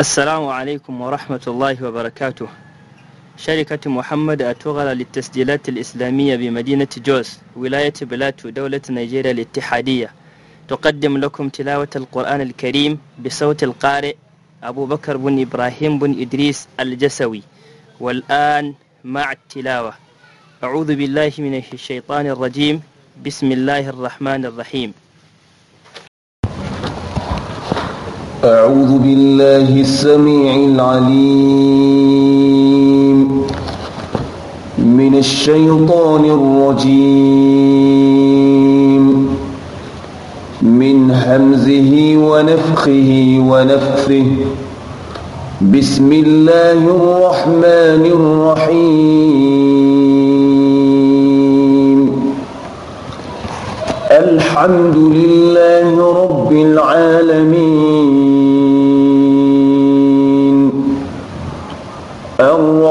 السلام عليكم ورحمة الله وبركاته شركة محمد أتوغل للتسجيلات الإسلامية بمدينة جوز ولاية بلاتو دولة نيجيريا الاتحادية تقدم لكم تلاوة القرآن الكريم بصوت القارئ أبو بكر بن إبراهيم بن إدريس الجسوي والآن مع التلاوة أعوذ بالله من الشيطان الرجيم بسم الله الرحمن الرحيم أعوذ بالله السميع العليم من الشيطان الرجيم من همزه ونفخه ونفثه بسم الله الرحمن الرحيم الحمد لله رب العالمين